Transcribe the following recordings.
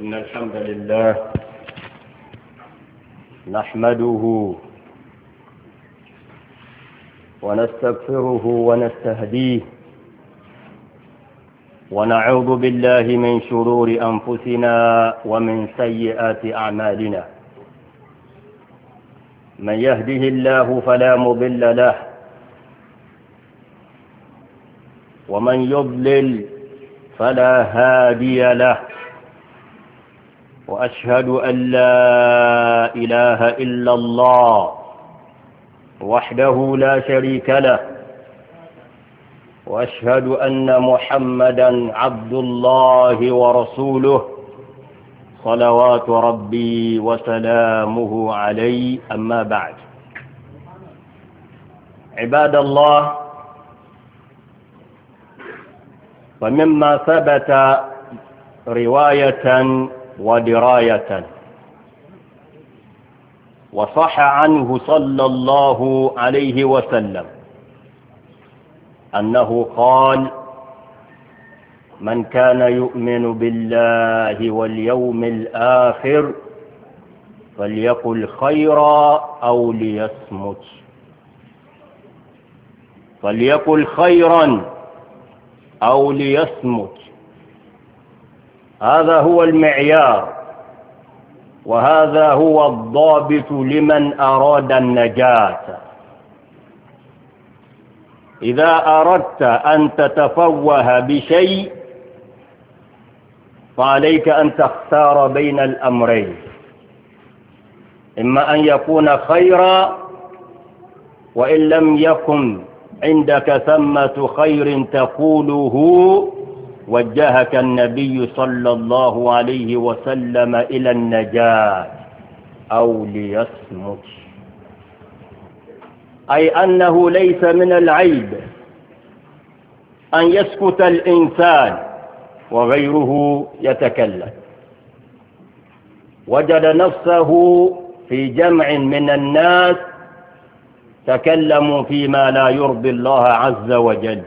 إن الحمد لله نحمده ونستغفره ونستهديه ونعوذ بالله من شرور أنفسنا ومن سيئات أعمالنا من يهده الله فلا مضل له ومن يضلل فلا هادي له وأشهد أن لا إله إلا الله وحده لا شريك له وأشهد أن محمدا عبد الله ورسوله صلوات ربي وسلامه عليه أما بعد عباد الله ومما ثبت رواية ودراية وصح عنه صلى الله عليه وسلم أنه قال من كان يؤمن بالله واليوم الآخر فليقل خيرا أو ليصمت فليقل خيرا أو ليصمت هذا هو المعيار وهذا هو الضابط لمن أراد النجاة إذا أردت أن تتفوه بشيء فعليك أن تختار بين الأمرين إما أن يكون خيرا وإن لم يكن عندك ثمة خير تقوله وجهك النبي صلى الله عليه وسلم إلى النجاة أو ليصمت أي أنه ليس من العيب أن يسكت الإنسان وغيره يتكلم وجد نفسه في جمع من الناس تكلموا فيما لا يرضي الله عز وجل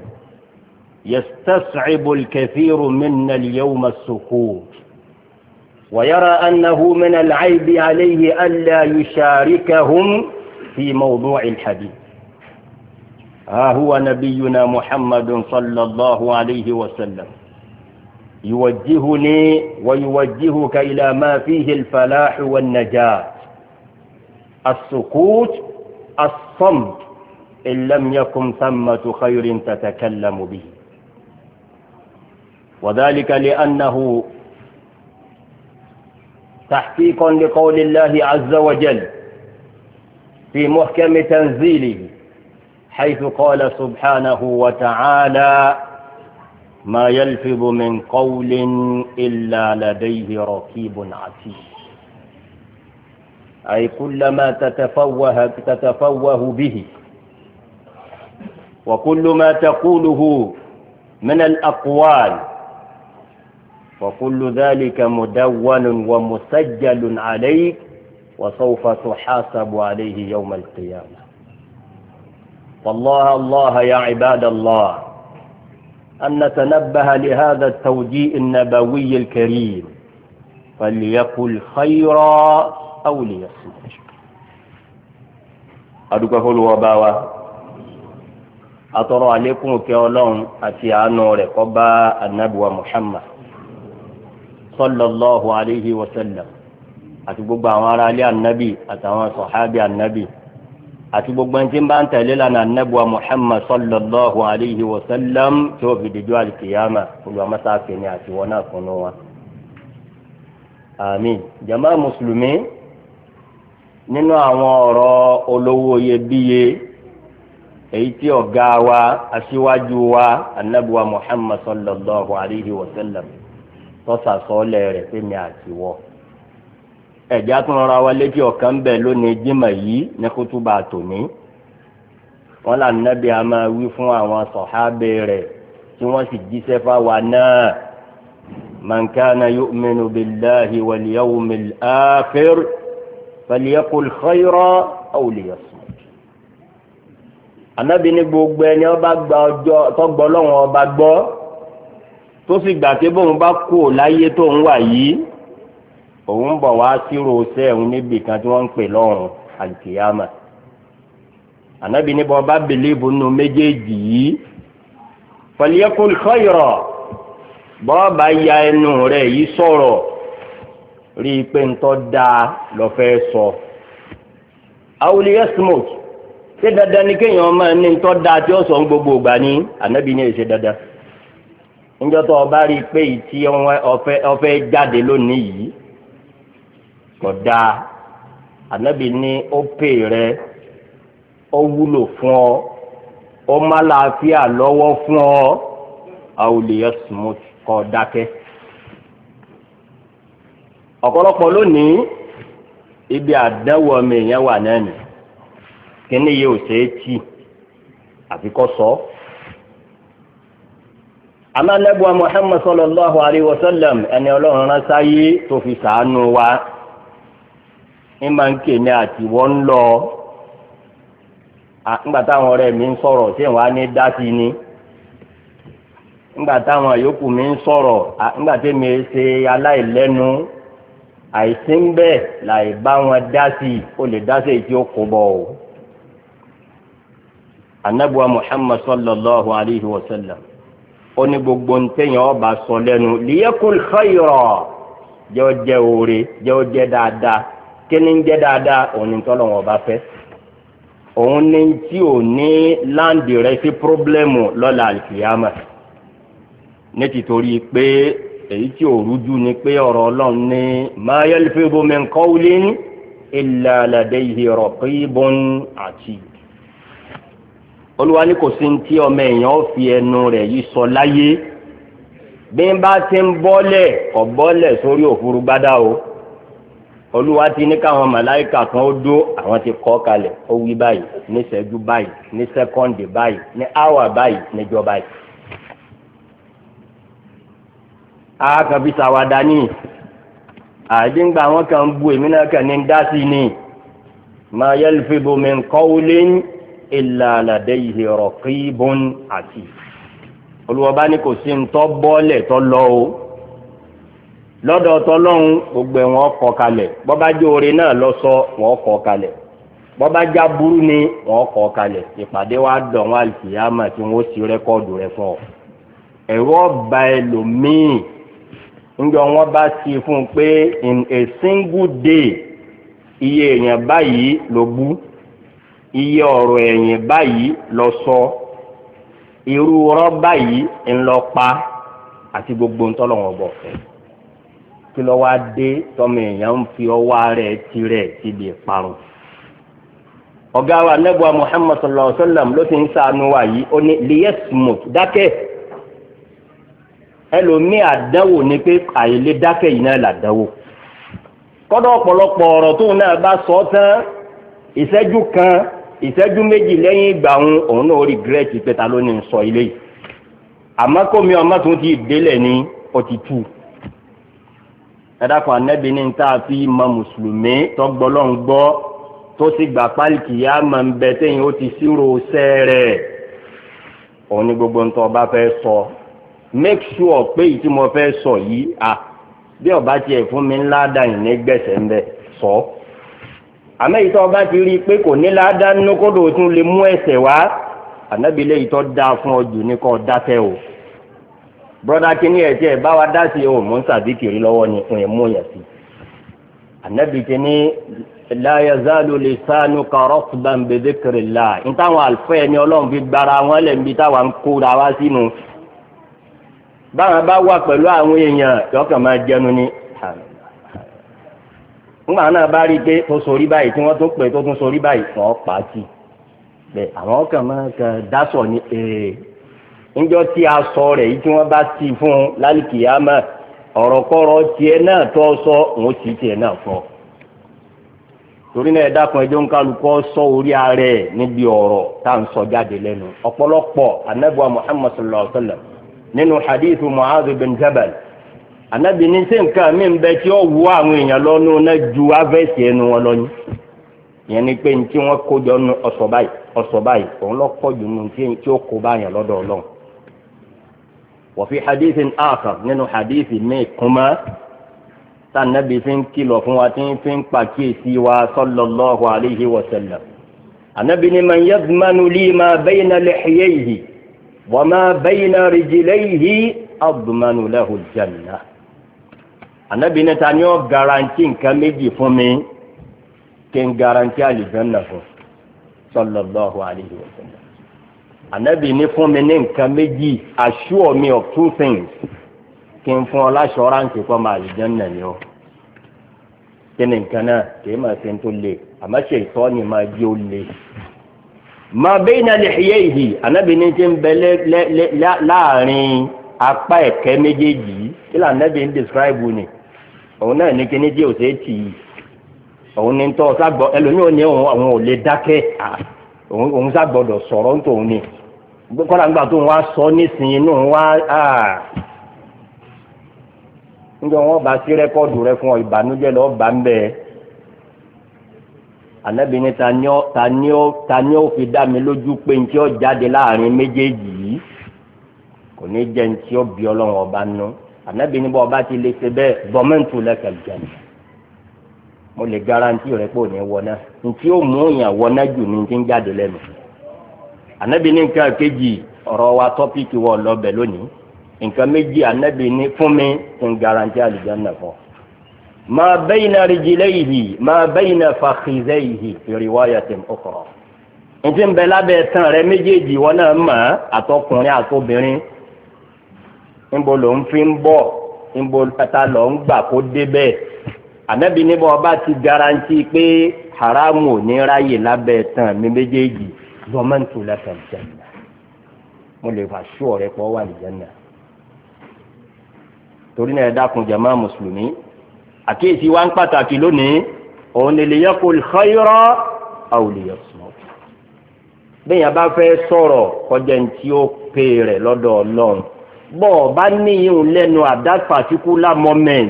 يستصعب الكثير منا اليوم السكوت ويرى أنه من العيب عليه ألا يشاركهم في موضوع الحديث ها هو نبينا محمد صلى الله عليه وسلم يوجهني ويوجهك إلى ما فيه الفلاح والنجاة السكوت الصمت إن لم يكن ثمة خير تتكلم به وذلك لأنه تحقيق لقول الله عز وجل في محكم تنزيله حيث قال سبحانه وتعالى ما يلفظ من قول إلا لديه رقيب عتيد أي كل ما تتفوه, تتفوه به وكل ما تقوله من الأقوال وكل ذلك مدون ومسجل عليك وسوف تحاسب عليه يوم القيامة فالله الله يا عباد الله أن نتنبه لهذا التوجيه النبوي الكريم فليقل خيرا أو ليصمت أدوك fọlùwọ́ وباوة أترى عليكم àlékún òkè ọlọ́run àti àánú rẹ̀ sallallahu alayhi wa sallam àti gbogbo àwọn ará ilé ànábì àtàwọn sọ̀hábì ànábì àti gbogbo ẹni tí ń bá ń tẹ̀lé lánà ànábì wa muhammad sallallahu alayhi wa sallam tí ó fi dìjọ́ alìkìyàmà olùwàmọ́sáfẹ́ ni àti wọn náà kúnnú wa. àmín jama mùsùlùmí nínú àwọn ọ̀rọ̀ olówó iyebíye èyí tí ọ̀gá wa aṣíwájú wa ànábì muhammad sallallahu alayhi wa sallam tọ́sà sọ́ọ́lẹ̀ rẹ̀ pé mi àti wọ́ ẹ̀já tún rọra wa létí ọ̀kan bẹ̀ lónìí jímọ̀ yìí ní kútúbà tòní wọn là nábì a máa wí fún àwọn sọ̀hábẹ́ rẹ̀ tí wọ́n sì jíṣẹ́ fáwa náà man kana yu'minu billahi wal yawmil akhir falyaqul khayra aw liyasmut anábì ní gbogbo ẹni ọba gbọ́ ọjọ́ tọ́gbọ́ lọ́wọ́ ọba gbọ́ tó sì gbà pé bóun bá kú ò láyé tóun wà yìí òun bọ̀ wá sírò sẹ́ẹ̀hún níbi kan tí wọ́n ń pè lọ́rùn àlùkìyàmà ànábì níbo bá bìlíìbù nù méjèèjì yìí falyakul khayra bọ́ọ̀bá ya ẹnu rẹ̀ yìí sọ̀rọ̀ rí i pé ntọ́ dáa lọ́fẹ́ sọ. awuliyasmut ṣé dandan ni kéèyàn máa ní ntọ́ dáa tí ó sọ ń gbogbo ìgbà ní ànábì ní èsè dandan níjọ́ tó o bá rí i pé ìtì ọ̀fẹ́ jáde lónìí yìí kò dáa ànábì ní ó pè rẹ ó wúlò fún ọ ó má láàfíà lọ́wọ́ fún ọ àwòlẹ́yẹ smooth kọ́ dákẹ́. ọ̀pọ̀lọpọ̀ lónìí ibi àdánwò ọmọ èèyàn wà náà nì kíní yìí ò ṣeé tì àfikọ́ sọ ọ́. àmá nẹ́bùwa Muhammad sallallahu alaihi wasallam ẹni ọlọ́run rán sáyé tó fi sàánú wa ìmọ̀ ń kè ní àtiwọ́ ń lọ nígbà táwọn ọ̀rẹ́ mi ń sọ̀rọ̀ tí wọ́n á ní dá sí ni nígbà táwọn yòókù mi ń sọ̀rọ̀ nígbà tí mi ṣe aláìlẹ́nu àìsí ń bẹ̀ láì bá wọn dá sí o lè dá sí èyí ó kó bọ̀ sallallahu alaihi wa sallam ó ní gbogbo ntẹ̀yìn ọba sọ lẹ́nu liyekul khayra jẹ́ ó jẹ́ oore jẹ́ ó jẹ́ dáadáa kí ni ń jẹ́ dáadáa òun ni tọ́lọ̀ wọn ọba fẹ́ òun ni tí ò ní láǹdì rẹ sí pírọ́blẹ́mù lọ́la àlùkìyàmà ní tìtorí pé èyí tí ò rújú ni pé ọ̀rọ̀ ọlọ́run ní ma yalfidu min qawlin illa ladayhi raqibun atid olúwa ní kò sí ní tí ọmọ èèyàn fi ẹnu rẹ̀ yìí sọ láyé bí n bá ti ń bọ́lẹ̀ kọ̀ bọ́lẹ̀ sórí òfurufú gbádá o olúwa ti ní káwọn màláìka kan ó dó àwọn ti kọ́ kalẹ̀ ó wí báyìí níṣẹ́jú báyìí ní sẹ́kọ́ǹdì báyìí ní áwà báyìí níjọ́ báyìí. àákan fi ṣàwàdà ní àdíngbà wọn kan bu èmi náà kàn ní dá sí ni ma yalfibu min qawlin. illa ladayhi raqibun àti olùwọ́ba ní kò sí ntọ́ bọ́ọ̀lẹ̀ tọ́ lọ o lọ́dọ̀ tọ́lọ́hún gbogbo ẹ̀ wọ́n kalẹ̀ bọ́bá jẹ́ orí náà lọ sọ wọ́n kalẹ̀ bọ́bá já burú ni wọ́n kọ kalẹ̀ ìpàdé wa dọ̀ tí wọ́n rẹ fún ọ. ẹ̀rọ ọba ẹlòmíì ńjọ wọn bá fún pé in a iye èèyàn báyìí ló bú. iye ọ̀rọ̀ ẹ̀yìn báyìí lọ sọ irú báyìí ń lọ pa àti gbogbo ń tọ́lọ̀wọ̀n bọ̀ fẹ́ kí wá dé èèyàn ń fi ọwọ́ rẹ̀ tirẹ̀ ti lè parun ọ̀gá wa nẹ́bùa Muhammad sallallahu alayhi wa sallam ló ti ń sànú wa yìí ó ní dákẹ́ ẹlòmíì àdánwò ni pé dákẹ́ yìí náà làdánwò kọ́dọ̀ ọ̀pọ̀lọpọ̀ ọ̀rọ̀ tóun náà bá sọ kan ìṣẹ́jú méjì lẹ́yìn ìgbà òun òun náà rìgírẹ́tì pé ta ló ní sọ ilé yìí àmọ́ kó mi ọmọ tó ti délẹ̀ ní ọtí tù ẹ̀dàkùn anẹ́bí ní ta fi mọ mùsùlùmí tó gbọ́ lọ́n gbọ́ tó sì gbà pálíkì yá mọ̀ ń bẹ téyìn ó ti sírò sẹ́ rẹ̀ òun ni gbogbo nǹkan ọba fẹ́ sọ make sure pé ìtí mo fẹ́ sọ yìí à bí ọba tiẹ̀ fún mi ńlá dàyìn ní gbẹ̀sẹ̀ ń bẹ So àmọ́ ìtọ́ ọba ti rí i pé kò ní ládánú kódò tún lè mú ẹsẹ̀ wá ànábì lè ìtọ́ da fún ọ jù ní kọ́ dáfẹ́ o broda kínní ẹ̀ tí dá sí i o mò lọ́wọ́ ni fún ẹ̀ mú yẹn sí ànábì ti ní la yazalu lisanuka ratban bi dhikrillah ní táwọn àlùfẹ́ ẹni ọlọ́run fi gbára wọn lẹ̀ níbi táwọn kóra wá sínú báwọn bá wà pẹ̀lú àwọn èèyàn yọkàn máa jẹnu ni ńgbà náà bá rí i pé ó sorí báyìí tí wọ́n tún pè tó tún sorí báyìí pa á bẹ́ẹ̀ àwọn máa kan ní ee níjọ́ tí a sọ rẹ̀ yìí tí wọ́n bá tì fún un lálìkìyàmà ọ̀rọ̀kọ́rọ̀ tiẹ̀ náà tó sọ òun sì tiẹ̀ náà fọ́ torí náà ẹ dákun ẹjọ́ ń kálukọ́ sọ orí ara ẹ̀ níbi ọ̀rọ̀ tá à ń sọ jáde hadith bin ànábì ní sí nǹkan mi ń bẹ tí ó wú àwọn èèyàn lọ́nu náà ju avẹ́sì ẹnu wọn lọ ní ìyẹn ni pé ní tí wọ́n kó jọ nu ọ̀sọ̀ báyìí ọ̀sọ̀ báyìí òun lọ pọ̀ jù nù tí ó kó báyàn lọ́dọ̀ ọlọ́run wa fi hadithin akhar nínú hadithi míì kúmọ́ tànàbí fi ń kìlọ̀ fún wa tí ń fi ń pàkíyèsí wa sallallahu alayhi wa sallam ànábì ni man ma bayna lihiyayhi wa ma bayna rijlayhi admanu lahu al-jannah anabi ní ta ni ó garanti nǹkan méjì fún mi kí n garanti àlìjánná fún sallallahu alayhi wa sallam anabi ní fún mi ní nǹkan méjì assure me of two things kí n fún ọ láṣọ ráǹkì kọ́ máa àlìjánná ni ó kí ni nǹkan náà kì í máa ṣe tó le àmọ́ ṣe ìtọ́ ni máa jí ó le ma bayna lihiyaihi anabi ní ti ń bẹ láàrin apá ẹ̀kẹ́ méjèèjì kí lànà bí ń describe ni òun náà ní kíní díẹ̀ òsè tì í òun ní tọ́ ságbọ́ ẹlòmíì òun ní òun àwọn ò lè dákẹ́ òun ságbọ́dọ̀ sọ̀rọ̀ nítòun ni kọ́lá nígbà tó ń wá sọ nísìnyí inú ń wá níjọ wọn bá sí rẹ́kọ́ọ̀dù rẹ fún ọ ìbànújẹ́ lọ́ọ́ bá ń bẹ́ẹ̀ ànábì ni ta ni ó fi dá mi lójú pé ntí ó jáde láàrin méjèèjì yìí kò ní jẹ́ ntí ó bí ọlọ́run ọba nù. No ànábì ní bọ́ọ̀ bá ti lè ṣe bẹ́ẹ̀ gọ́mẹ̀ntì lẹ́kẹ̀ mo lè garanti rẹ̀ pé ò ní wọná ntí ó mú yàn wọná jù ní ti ń jáde lẹ́nu ànábì ní nǹkan kejì ọ̀rọ̀ wa tọ́pìkì wọ̀ lọ́bẹ̀ lónìí nǹkan méjì ànábì ní fún mi ti ń garanti àlùjánnà fún ma bayna rijlayhi ma bayna fakhidhayhi fi riwayatin ukhra ntí ń bẹ lábẹ́ tán rẹ méjèèjì wọn náà àtọkùnrin àtobìnrin níbo ló ń fi ń bọ̀ níbo pátá ló ń gbà kó débẹ̀ ànábì níbo ọba ti garanti pé haramu ní ráyè lábẹ́ tán mi méjèèjì zọmọ́ntò lẹ́sẹ̀ jẹ́nà mo lè fà sú ọ̀rẹ́ pọ̀ wà ní jẹ́nà torí náà ẹ dákun jàmá mùsùlùmí àkíyèsí wa ń pàtàkì lónìí òun lè yẹ́kọ̀ ìkọ́yọ́rọ́ àwòlíyọ̀ sùn bẹ́ẹ̀ yẹn bá fẹ́ sọ̀rọ̀ kọjá ní tí ó pè rẹ̀ lọ́dọ̀ ọlọ́run. bọ́ bá ní níyìn lẹ́nu at that particular moment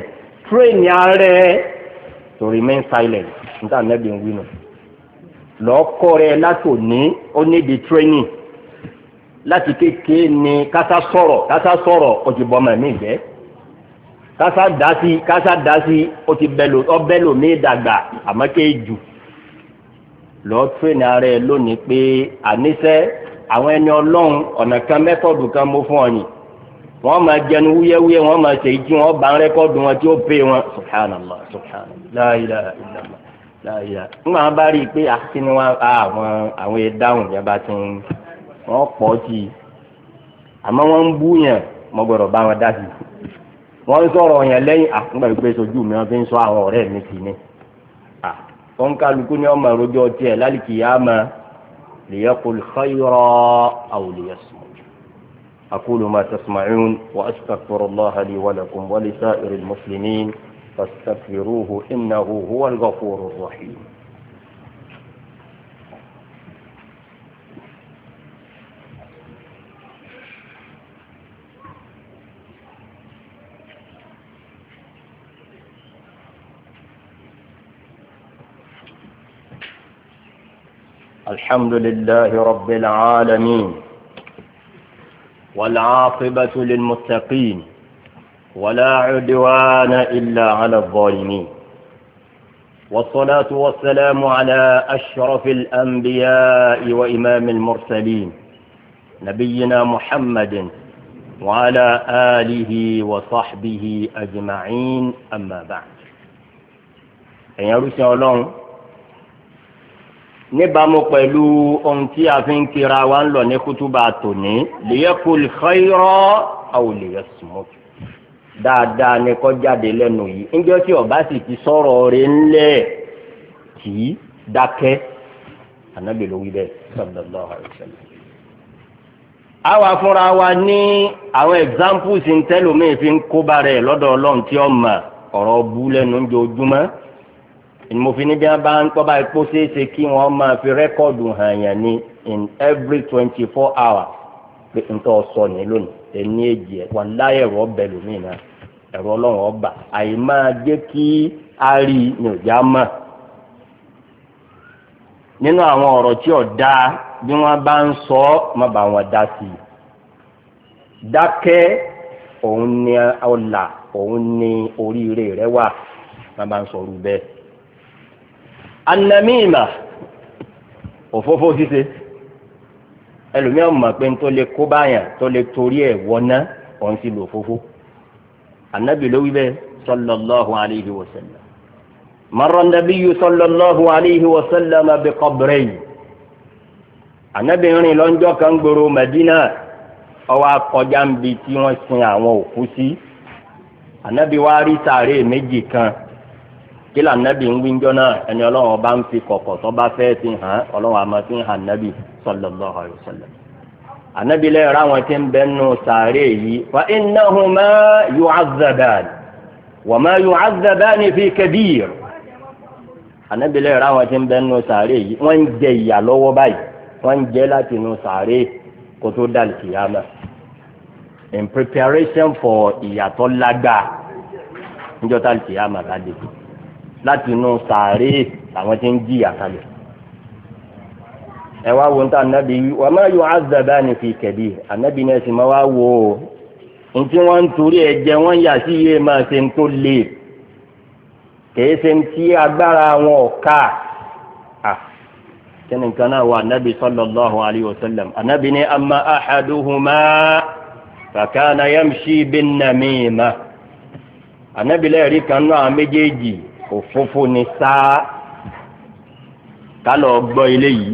train ààrẹ to remain silent níta nẹ́bí ń wí nù lọ́kọ́ rẹ látòní ó ní di training láti kéke ni kásá sọ̀rọ̀ kásá sọ̀rọ̀ ó ti bọ́mọ̀ mí jẹ́ kásá dasi kásá dasi ó ti bẹ́lò ó bẹ́lò mí dàgbà àmọ́ kéé jù lọ́ọ́ tírénì ara lónìí pé àníṣe àwọn ẹni ọlọ́run ọ̀nà kan mẹ́tọ̀dù kan mo fún ọ wọ́n máa jẹnu wúyẹ́wúyẹ́ wọ́n máa ṣe ìtú wọn bá ń rẹ́kọ́dù wọn tí ó pè wọn subhanallah subhanallah la ilaha illallah la ilaha nígbà wọn bá rí i pé àkínní ah, wọn ah, àwọn àwọn ẹ̀dáhùn yẹn bá ti ń wọ́n pọ̀ sí i àmọ́ wọ́n ń bú yẹn mo gbọ́dọ̀ bá wọn dá sí i wọ́n ń sọ̀rọ̀ yẹn lẹ́yìn àkúngbà ah, ìgbé sojú mi wọ́n fi ń sọ àwọn ọ̀rẹ́ mi sí ni wọ́n kálukú ní ọmọ ìrojọ́ tiẹ̀ lálìkìyàmọ́ lèyẹ́kùn khayra aw liyasum أقول ما تسمعون وأستغفر الله لي ولكم ولسائر المسلمين فاستغفروه إنه هو الغفور الرحيم الحمد لله رب العالمين والعاقبة للمتقين ولا عدوان إلا على الظالمين والصلاة والسلام على أشرف الأنبياء وإمام المرسلين نبينا محمد وعلى آله وصحبه أجمعين أما بعد أن يرسل الله níbàámu pẹ̀lú ohun tí a fi ń kira wa ń lọ ní kútúbà tòní liyaqul khayra aw liyasmut dáadáa ni kó jáde lẹ́nu yìí ńjọ́ tí ọba sì ti sọ̀rọ̀ rẹ̀ ńlẹ̀ kì í dákẹ́ ànábì ló wí bẹ́ẹ̀ sallallahu alaihi àwa fúnra wa ní àwọn examples ń tẹ́lómi fi ń kóbá lọ́dọ̀ ọlọ́run tí ó mọ̀ ọ̀rọ̀ bú lẹ́nu ń jojúmọ́ ìmọ̀fin bí wọ́n bá ń tọ́ báyìí kó ṣeé ṣe kí wọ́n máa fi rẹ́kọ̀dù hàn yàn ní in every twenty four hours pé n sọ ní lónìí ẹni èjì ẹ̀ wà láyé ẹ̀rọ ọbẹ̀ lómi náà ẹ̀rọ ọlọ́run ọba àyè máa jẹ́ kí a rí i ní ọjà mọ̀ nínú àwọn ọ̀rọ̀ tí ò bí wọ́n bá ń sọ ọ́ má bàa wọn dá sí i ni òun ni oríire rẹ wà má bá ń sọ anamíìmà òfófó ṣíṣe ẹlòmíràn mọ̀ pé tó lè kó báyàn tó lè torí ẹ̀ wọná òun sì lò òfófó anabi ló wí bẹ́ẹ̀ sallallahu alayhi wa sallam marra nabiyyu sallallahu alayhi wa sallam bi qabrayn anabi rìn lọ́njọ́ kan gbòòrò madina ọwọ́ akọjá ń bi tí wọ́n sin àwọn òkú sí anabi wa rí sàárè méjì kan kí là nàbì ń wíjọ́ náà ẹni ọlọ́run bá ń fi kọ̀kọ̀ tó bá fẹ́ ti hàn ọlọ́run àmọ́ ti hàn nàbì sallallahu alaihi wasallam ànábì lẹ́yìn ráwọn tí ń bẹ́ nù sàárè yìí fa innahuma yu'azzaban wa ma yu'azzaban fi kabir ànábì lẹ́yìn ráwọn tí ń bẹ́ nù sàárè yìí wọ́n ń jẹ ìyà lọ́wọ́ báyìí wọ́n ń jẹ láti nù sàárè kó tó dàlù kìyàmà in preparation for ìyàtọ̀ lágbà níjọ́ tàlù kìyàmà bá láti inú sàárè àwọn tí ń jìyà kalẹ̀ ẹ wá wo níta ànábì wà má yọ azàbá ni fi kẹ̀dí ànábì náà sì máa wá wo o ntí wọ́n ń torí ẹ jẹ wọ́n yà sí iye máa ṣe ń tó le kèé ṣe ń tí agbára wọn ò kíni nǹkan náà wà ànábì sallallahu alayhi wa sallam ànábì ní amma ahaduhuma fakana yamshi bin lẹ́ẹ̀rí kan náà méjèèjì òfófó ni sáá ká lọ gbọ́ ilé yìí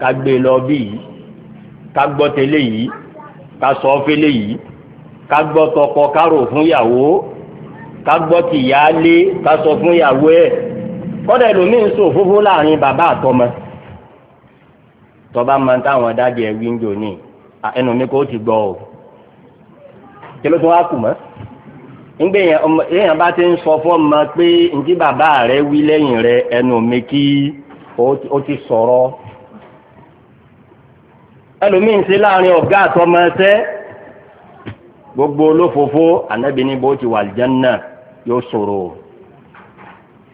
ká gbé lọ bí yìí ká gbọ́ tẹ́lẹ̀ yìí ká sọ fẹ́lẹ̀ yìí ká gbọ́ tọkọ ká rò fún ìyàwó ká gbọ́ tìyá lé ká sọ fún ìyàwó ẹ̀ kọ́dà ẹlòmíín sọ òfófó láàrin bàbá àtọmọ tọba máa ń táwọn dáàdi ẹ wíńdò ní ẹnu mi kò ti gbọ́ o kí ló tún wá kù mọ́. ọmọ èèyàn bá ti ń sọ fún ọmọ pé njí bàbá rẹ wí lẹ́yìn rẹ ẹnu mi kí ó ti sọ̀rọ̀ ẹlòmíín sí láàrin ọ̀gá àtọmọ ẹsẹ́ gbogbo olófòfó ànábì ní bó ti wà lìjánná yóò sọ̀rọ̀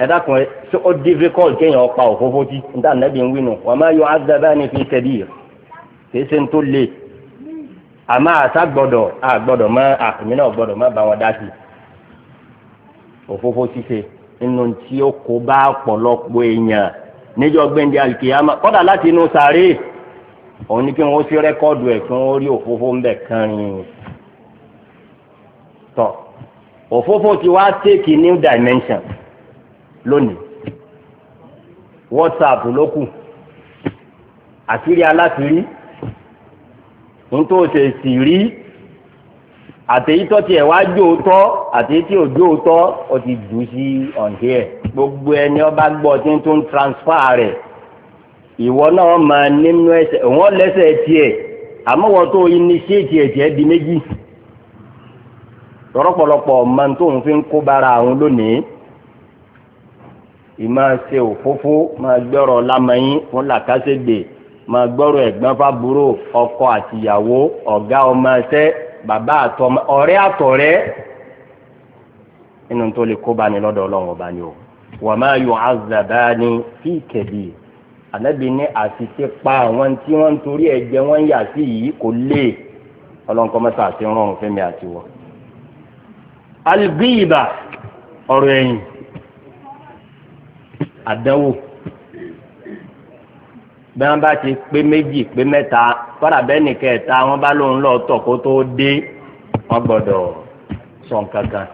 ẹ dákun ẹ ó difficult kéèyàn pa òfófó tí níta ànábì ń wínú wa ma yu'adhdhabani fi kabir kì í ṣe ń tó le àmọ́ àṣà gbọ́dọ̀ àgbọ́dọ̀ mọ́ àkùnrin náà gbọ́dọ̀ mọ́ bá wọn dá sí i. òfófó ṣíṣe nínú tí ó kó bá ọ̀pọ̀lọpọ̀ èèyàn níjọ́ gbẹ̀ndé alikiyama kọ́dà láti inú sàárè òun ni kí wọ́n sí rẹ́kọ́ọ̀dù ẹ̀ kí wọ́n rí òfófó ń bẹ̀ kánrin tọ̀ òfófó ti wá take new dimension lónìí whatsapp ló kù àṣírí aláṣírí nítòsí èsì rí àtẹ̀yítọ́ tiẹ̀ wá jó tọ́ àtẹ̀yítí ò jó tọ́ ó ti dù sí ọ̀ǹdí ẹ̀ gbogbo ẹni ọba gbọ́ tí ń tún transfer rẹ̀ ìwọ náà máa nínú ẹsẹ̀ òun lẹ́sẹ̀ tiẹ̀ àmọ́ wọ́n tó initiate tiẹ̀ tiẹ̀ di méjì tọ́rọ́pọ̀lọpọ̀ máa ń tóun fi ń kó bára àwọn lónìí ìmọ̀ ṣe òfófó máa gbọ́rọ̀ lámẹ́yìn fún làkàṣègbè máa gbọ́rọ̀ ẹ̀gbọ́n fábúrò ọkọ àtìyàwó ọ̀gá ọmọ ẹsẹ́ bàbá àtọmọ ọ̀rẹ́ àtọ̀rẹ́ inú tó lè kó bá ní lọ́dọ̀ ọlọ́run ọba ni o wa ma yu'azzabani fi kabir ànábì ní àṣìṣe pa àwọn tí wọ́n ń torí ẹ̀jẹ̀ wọ́n ń yà sí yìí kò lè ọlọ́run mẹ́ta àti rọrùn fẹ́mi àti wọ. al ọ̀rọ̀ ẹ̀yìn àdánwò bí wọ́n bá ti pé méjì pé mẹ́ta kọ́dà bẹ́ẹ̀ nìkan ẹ̀ta wọn bá lóun lọ tọ̀ kó tó dé wọn gbọ́dọ̀ sọ nǹkan kan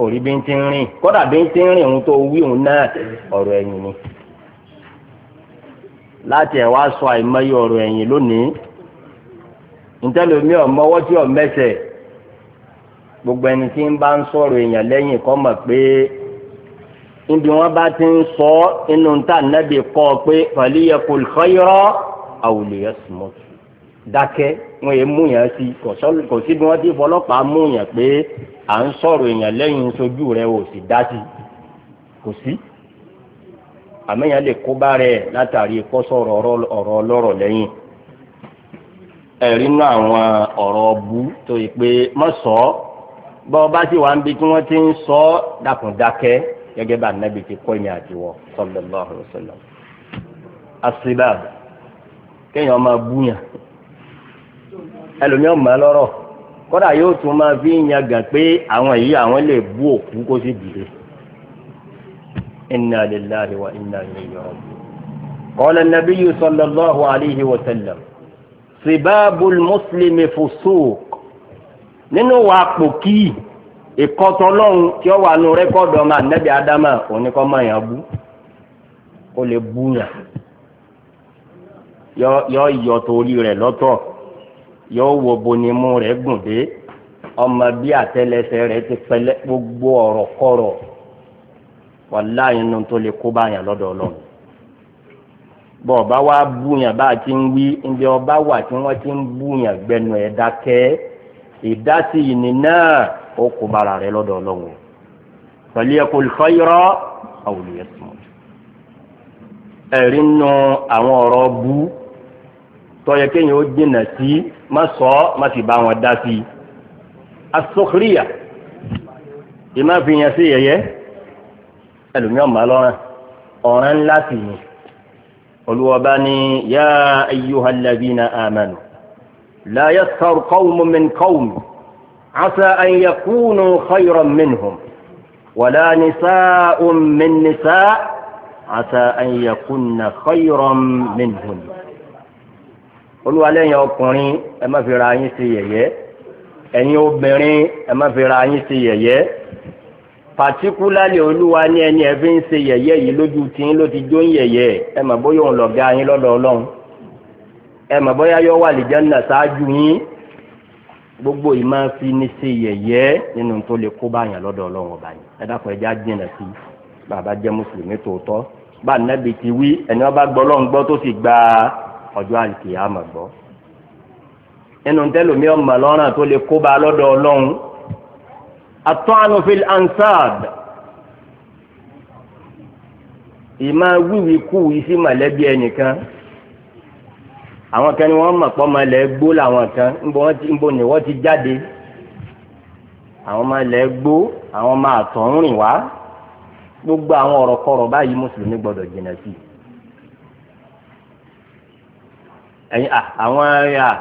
òrí bí ń ti rìn kọ́dà bí ń ti rìn òun tó wí òun náà ọ̀rọ̀ ẹ̀yìn ni láti ẹ̀ wá sọ àìmọye ọ̀rọ̀ ẹ̀yìn lónìí ntẹ́lómi ọmọ ọwọ́ tí ọmọ ẹsẹ̀ gbogbo ẹni tí ń bá ń sọ̀rọ̀ èèyàn lẹ́yìn kọ́ mọ̀ pé níbi wọ́n bá ti ń sọ inú ta nẹ́bi kọ́ pé pẹ̀lú kò lọ́yọ́rọ́ àwùlẹ̀ yẹ sùmọ́tò dákẹ́ wọ́n yẹ mú yàn sí kò sí bí wọ́n ti fọlọ́pàá mú yàn pé à ń sọ̀rọ̀ èèyàn lẹ́yìn sojú rẹ̀ ò sì dá sí kò sí àmẹ́yàn lè kó bá rẹ̀ látàrí kó sọ̀rọ̀ ọ̀rọ̀ ọlọ́rọ̀ lẹ́yìn ẹ̀rí nú àwọn ọ̀rọ̀ ọbú tó yẹ pé mọ́ sọ ọ́ bọ́ ọ bá sì wá ń bi tí wọ́n ti ń sọ ọ́ dákun dákẹ́ gẹ́gẹ́ bá nàbì ti kọ́ ìyẹn àti wọ́ sallallahu alaihi wasallam asibab ẹlòmíràn mọ̀ lọ́rọ̀ kódà yóò tún máa fi yan gàn pé àwọn èyí àwọn lè bú òkú kó sì dìde. inna lillahi wa inna ilayhi raji'un. qala an-nabiyyu sallallahu alayhi wa sallam sibabul muslimi fusuq nínú wa pòkì ìkọtọlọ́run tí ó wà nù rẹ́kọ́dù ọmọ adama òní máa yàn bú lè bú yàn yọ yọ rẹ̀ yóò wo bonimú rẹ̀ gùn dé ọmọ bí àtẹ́lẹsẹ̀ rẹ̀ ti pẹlẹ gbogbo ọ̀rọ̀ kọ̀rọ̀ wàláyé nu tó lè kó báyàn lọ́dọ̀ Ọlọ́run bọ ọba wa búyàn bá a ti ń wí ibi ọba wà tí wọ́n ti ń búyàn gbẹnu ẹ dákẹ́ ìdásí ìní náà ó kó bára rẹ̀ lọ́dọ̀ Ọlọ́run pẹ̀lú ẹkọ ìfọyọrọ àwòlẹyẹsùn ẹrí nu àwọn ọ̀rọ̀ bú. tọ́yẹ kéèyàn ó jìnà sí má sọ ọ́ má sì bá wọn dá sí i asokiriya ìmá fi yẹn sí yẹyẹ ẹlòmíràn má lọ́rùn ọ̀rẹ́ ńlá sì ni olùwọ́ba ni yá ayyuhal ladhina amanu la yaskhar qawmun min qawmin asa an yakunu khayran minhum wala nisa'un min nisa' asa an yakunna khayran minhum. olúwalẹ́yìn ọkùnrin ẹ má fi ra yín sí yẹ̀yẹ́ ẹ̀yin obìnrin ẹ má fi ra yín sí yẹ̀yẹ́ pàtíkúlálì olúwa ní ẹni ẹ fi ń ṣe yẹ̀yẹ́ yìí lójú tí ń ló ti jó ń yẹ̀yẹ́ ẹ mà bóyá òun lọ̀gá yín lọ́dọ̀ ọlọ́run ẹ mà bóyá yọ wà lìjánà ṣáájú yín gbogbo yìí máa fi ní ṣe yẹ̀yẹ́ nínú tó lè kó báyàn lọ́dọ̀ ọlọ́run ọba yìí ẹ dákun ẹja jìnà sí bàbá jẹ́ mùsùlùmí tòótọ́ bá nàbì ti wí ẹni wọn bá gbọ́ ọlọ́run gbọ́ tó sì gbàá ọjọ́ àlùkìyàmọ̀ gbọ́ ẹnu tẹlomi ọmọ lọ́rùn tó lè kóba lọ́dọ̀ ọlọ́run atọ́nufil ansad ìmọ̀ wíwí kú yìí sí mọ̀lẹ́bí ẹnìkan àwọn kan ni wọ́n mọ̀ pọ́ mọ̀lẹ́ gbó làwọn kan ńbọ ni wọ́n ti jáde àwọn mọ̀lẹ́ gbó àwọn máa tọ̀ ń rìn wá gbogbo àwọn ọ̀rọ̀ báyìí mùsùlùmí gbọ́dọ̀ jìnnà sí ẹyin àwọn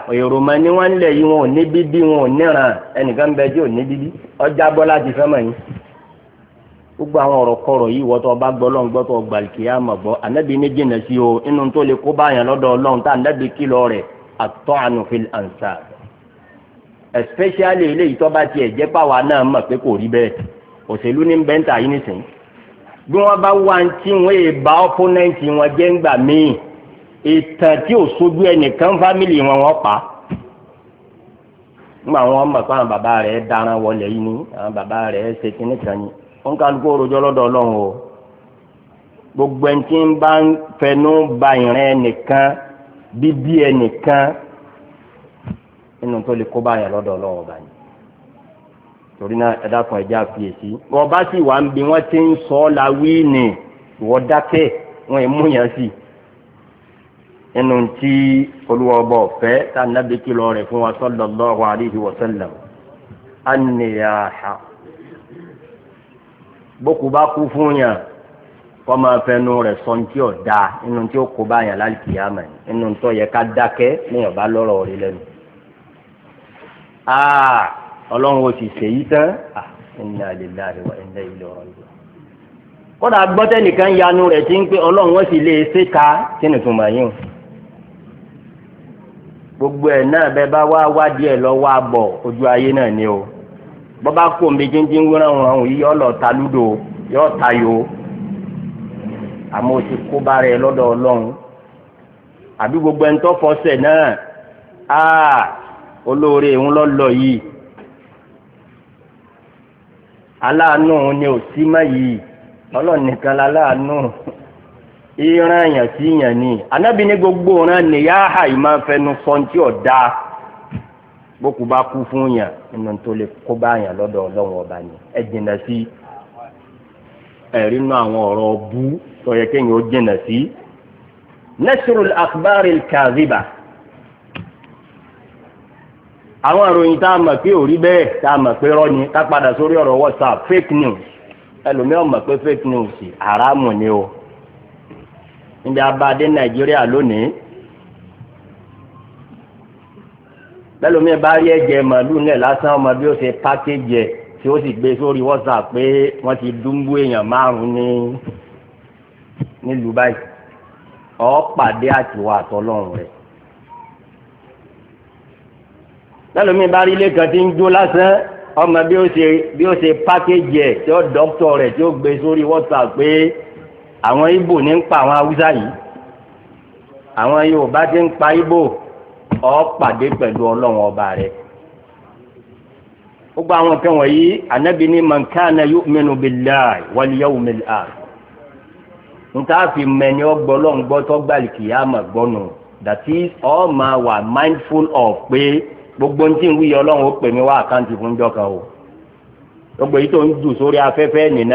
èrò mọ ní wọ́n lẹ yìí wọn ò ní bíbí wọn ò níran ẹnìkan bẹ ní bíbí ọjà bọ láti fẹ mọ yín gbogbo àwọn ọ̀rọ̀ kọ̀rọ̀ yìí ọba gbọ́ lọ́n gbọ́ tó mọ̀ gbọ́ ní jìnnà sí o inú tó lè kó báyàn lọ́dọ̀ ọlọ́run ansa especially eléyìí tó bá tiẹ̀ jẹ́ náà mọ̀ pé kò rí bẹ́ẹ̀ bí wọ́n bá wá ń ìtàn tí ò sojú ẹnìkan fámìlì wọn wọn pa nígbà wọn mọ̀ pé àwọn bàbá rẹ̀ daran wọlé yìí ni àwọn bàbá rẹ̀ ṣe kíní kan ni wọn kálukú rojọ́ lọ́dọ̀ ọlọ́run o gbogbo ẹni tí ń bá ń fẹnu ba ìrìn ẹnìkan bíbí ẹnìkan nínú tó lè kó báyà lọ́dọ̀ ọlọ́run ọba ni torí náà ẹ dákun ẹja fiyèsí wọn sì wà ń bi wọn ti ń sọ ọ la wí ni ìwọ dákẹ́ wọn ì múyàn sí i nínú tí olùwọ́bọ̀ fẹ́ tá a nábì kìlọ̀ rẹ̀ fún wa sallallahu alaihi wa sallam àníyàhà bókù bá kú fún yàn kọ́ máa fẹnu rẹ̀ sọ ní tí ò dáa nínú tí ó kó bá yàn lálùkìyàmà nínú tó yẹ ká dákẹ́ níyàn bá lọ́rọ̀ rí lẹ́nu. Ah, ọlọ́run ó sì ṣèyí tán ah, inna lillahi wa inna ilaihi raji'un kódà gbọ́tẹ́ yanu rẹ̀ ti ń pé ọlọ́run ó sì lè ṣe ta kí tó máa yín o. gbogbo ẹ náà bẹ́ẹ̀ bá wá wádìí lọ wá bọ ojú ayé náà ni o bọ́ kó omi jíjìn wúrà wọn yìí ta lúdò yọ tayò àmọ́ o ti kó bára ẹ lọdọ àbí gbogbo ẹni tó fọsẹ náà á olóore lọ lọ yìí aláàánú ni ò sí ìran èèyàn sí èèyàn ni anábì ní gbogbo ọ̀ràn nìyáhà ìmáa fẹnu sọ́ńtì ọ̀dà bókù bá kú fún yàn nínú tó lè kó bá yàn lọ́dọ̀ ọlọ́run ọba ni ẹ jìnnà sí ẹ̀rí nú àwọn ọ̀rọ̀ bú tó yẹ kéèyàn ó jìnnà sí. nasrul akhbar kaziba àwọn ìròyìn tá a mọ̀ pé ò bẹ́ẹ̀ tá a mọ̀ pé rọ́ ni ká padà sórí ọ̀rọ̀ whatsapp fake news ẹlòmíràn mọ̀ pé fake news haramu ni o níbi abáadé nàìjíríà lónìí lẹ́lómi bá rí ẹ̀jẹ̀ màlúù náà lásán ọmọ bí ó ṣe pákéjì ẹ̀ tí ó sì gbé sórí WhatsApp pé wọ́n ti dúnbú èèyàn márùn-ún ní nílùú báyìí ọ́ pàdé àtiwọ́ àtọ́lọ́run rẹ̀ lẹ́lómi bá rí ilé kan tí ń jó lásán ọmọ bí ó ṣe bí pákéjì ẹ̀ tí ó dọ́kítọ̀ rẹ̀ tí ó gbé sórí WhatsApp pé àwọn Ìgbò ní ń pa àwọn Haúsá yìí àwọn Yorùbá ti ń pa Ìgbò ọ pàdé pẹ̀lú Ọlọ́run ọba rẹ̀ gbogbo àwọn nǹkan wọ̀nyí anábì ní man kana yu'minu billahi wal yawmil akhir nta fi mẹni ọgbọ Ọlọ́run gbọ́ tó gbàlì kìyàmà that is all ma wà mindful of pé gbogbo ntí ń Ọlọ́run ó pè mí wá àkáǹtì fún jọkàn o gbogbo yìí tó ń jù sórí afẹ́fẹ́ nìyẹn.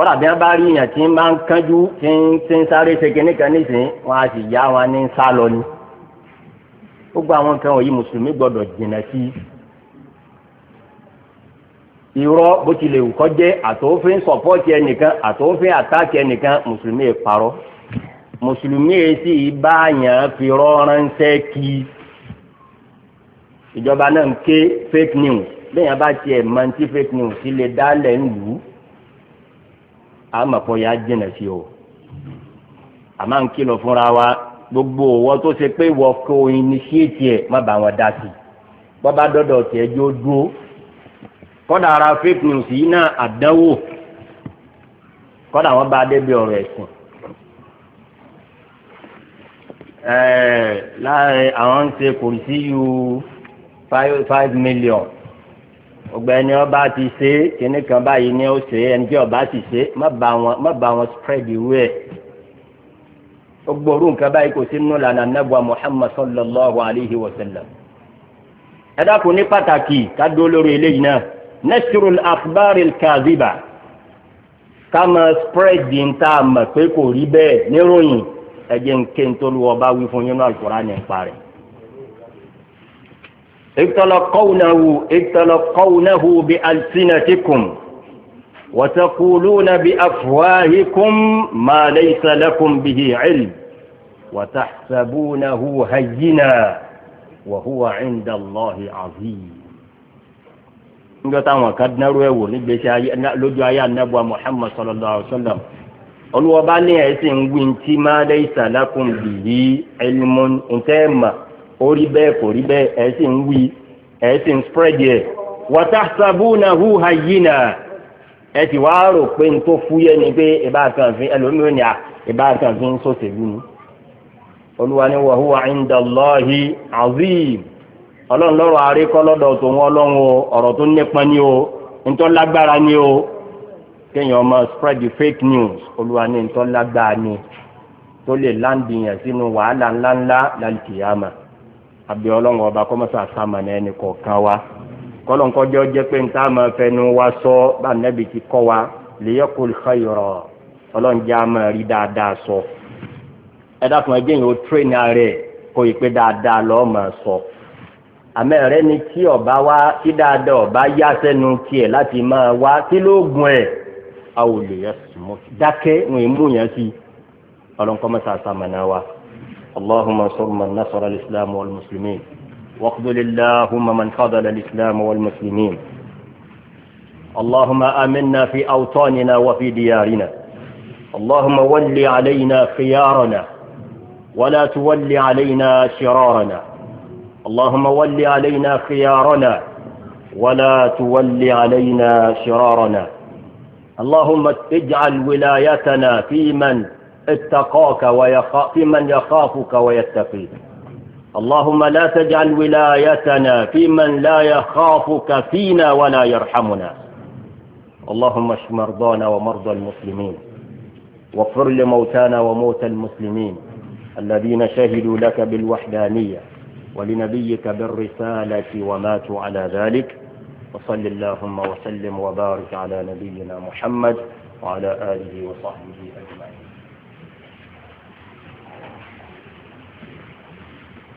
kọ́dà bí wọ́n bá rí èèyàn tí ń bá ń kánjú tí ń tí ń sáré ṣe kinní kan nísìnyí wọ́n á sì yá wọn ní sá lọ ni. gbogbo àwọn nǹkan wọ̀nyí mùsùlùmí gbọ́dọ̀ jìnnà sí i. irọ́ bó tilẹ̀ wù kó àtòfin sọ̀pọ́ọ̀tì ẹnìkan àtòfin àtàkì ẹnìkan mùsùlùmí parọ́. mùsùlùmí è sì bá yàn fi rọ́ránṣẹ́ kí ìjọba náà ń ké fake news lẹ́yìn abá tiẹ̀ mọ̀ ní ti fake news ti lè dálẹ̀ ńlùú àmọ̀pọ̀ yà á jìnà sí o àmọ́ à ń fúnra wa gbogbo òwò tó ṣe pé wọ́n kó iníṣíétì ẹ̀ má bàa wọn dá sí bá dọ́dọ̀ tiẹ̀ jó dúró kọ́dà ara fake news yìí náà àdánwò kọ́dà wọ́n bá a débi ọ̀rọ̀ gbogbo ẹni ọba ti ṣe kíní kan báyìí ni ó ṣe ẹni tí ọba ti ṣe má bá wọn spread ìwé ẹ gbogbo orú nǹkan báyìí kò sí nínú lànà nàbà Muhammad sallallahu alayhi wa sallam ẹ dákun ní pàtàkì ká lórí eléyìí náà nasrul akhbaril kaziba ká máa spread di ń tá pé kò rí bẹ́ẹ̀ níròyìn ẹ jẹ́ ń ké ń tó lu ọba wí fún yín náà Al-Qur'an nípa اتلقونه اتلقونه بألسنتكم وتقولون بأفواهكم ما ليس لكم به علم وتحسبونه هينا وهو عند الله عظيم nígbà táwọn kan dánrú ẹ̀wò nígbèsè lójú ayé anábọ̀ Muhammad sallallahu alaihi wasallam olúwọba ní ẹ̀sìn ó rí bẹ́ẹ̀ kò rí bẹ́ẹ̀ ẹ̀ sì ń wí ẹ̀ sì ń spread yẹ wọ́tá pe húha yìí nà ẹ ti wá rò pé n tó fúyẹ́ ni pé ìbá kan fi ẹlòmíràn ni ah, ìbá kan fi ń ni olúwa ni inda Allahi azim ọlọ́run lọ́rọ̀ àríkọ́ lọ́dọ̀ tòun ọlọ́run o ọ̀rọ̀ tó nípa ni o ntọ́ lágbára ni o kéèyàn ọmọ spread the fake news olúwa ni ntọ́ lágbára ni tó lè láǹdì yẹn sínú wàhálà ńláńlá lálùkìyàmà. àbí ọlọ́run ọba kọ́mọ́sà sàmànà ẹnì kọ̀ọ̀kan wa kọ́lọ́nkọ́jọ́ jẹ́ pé níta máa fẹnu wa sọ bá nẹ́bi ti kọ́ wa lèyẹ́kùn xeyọ̀rọ̀ ọlọ́njẹ́ a máa rí dáadáa sọ ẹ dákun ẹgbẹ́ yìí ó tírẹ́nì ààrẹ kó ìpè dáadáa lọ́ọ́ máa sọ àmọ́ ẹ̀rẹ́ ni tí ọba wa tí dáadáa ọba yá sẹ́nu tiẹ̀ láti máa wá kí ló gun ẹ̀ a ò lè yẹ sùnmọ́ dákẹ́ ń mú yẹn sí ọlọ́nkọ́mọ́sà sàmànà wa. اللهم انصر من نصر الإسلام والمسلمين واقبل اللهم من خذل الإسلام والمسلمين اللهم آمنا في أوطاننا وفي ديارنا اللهم ول علينا خيارنا ولا تول علينا شرارنا اللهم ول علينا خيارنا ولا تول علينا شرارنا اللهم اجعل ولايتنا في من اتقاك ويخاف في من يخافك ويتقيك اللهم لا تجعل ولايتنا في من لا يخافك فينا ولا يرحمنا اللهم اشف مرضانا ومرضى المسلمين واغفر لموتانا وموتى المسلمين الذين شهدوا لك بالوحدانية ولنبيك بالرسالة وماتوا على ذلك وصل اللهم وسلم وبارك على نبينا محمد وعلى آله وصحبه أجمعين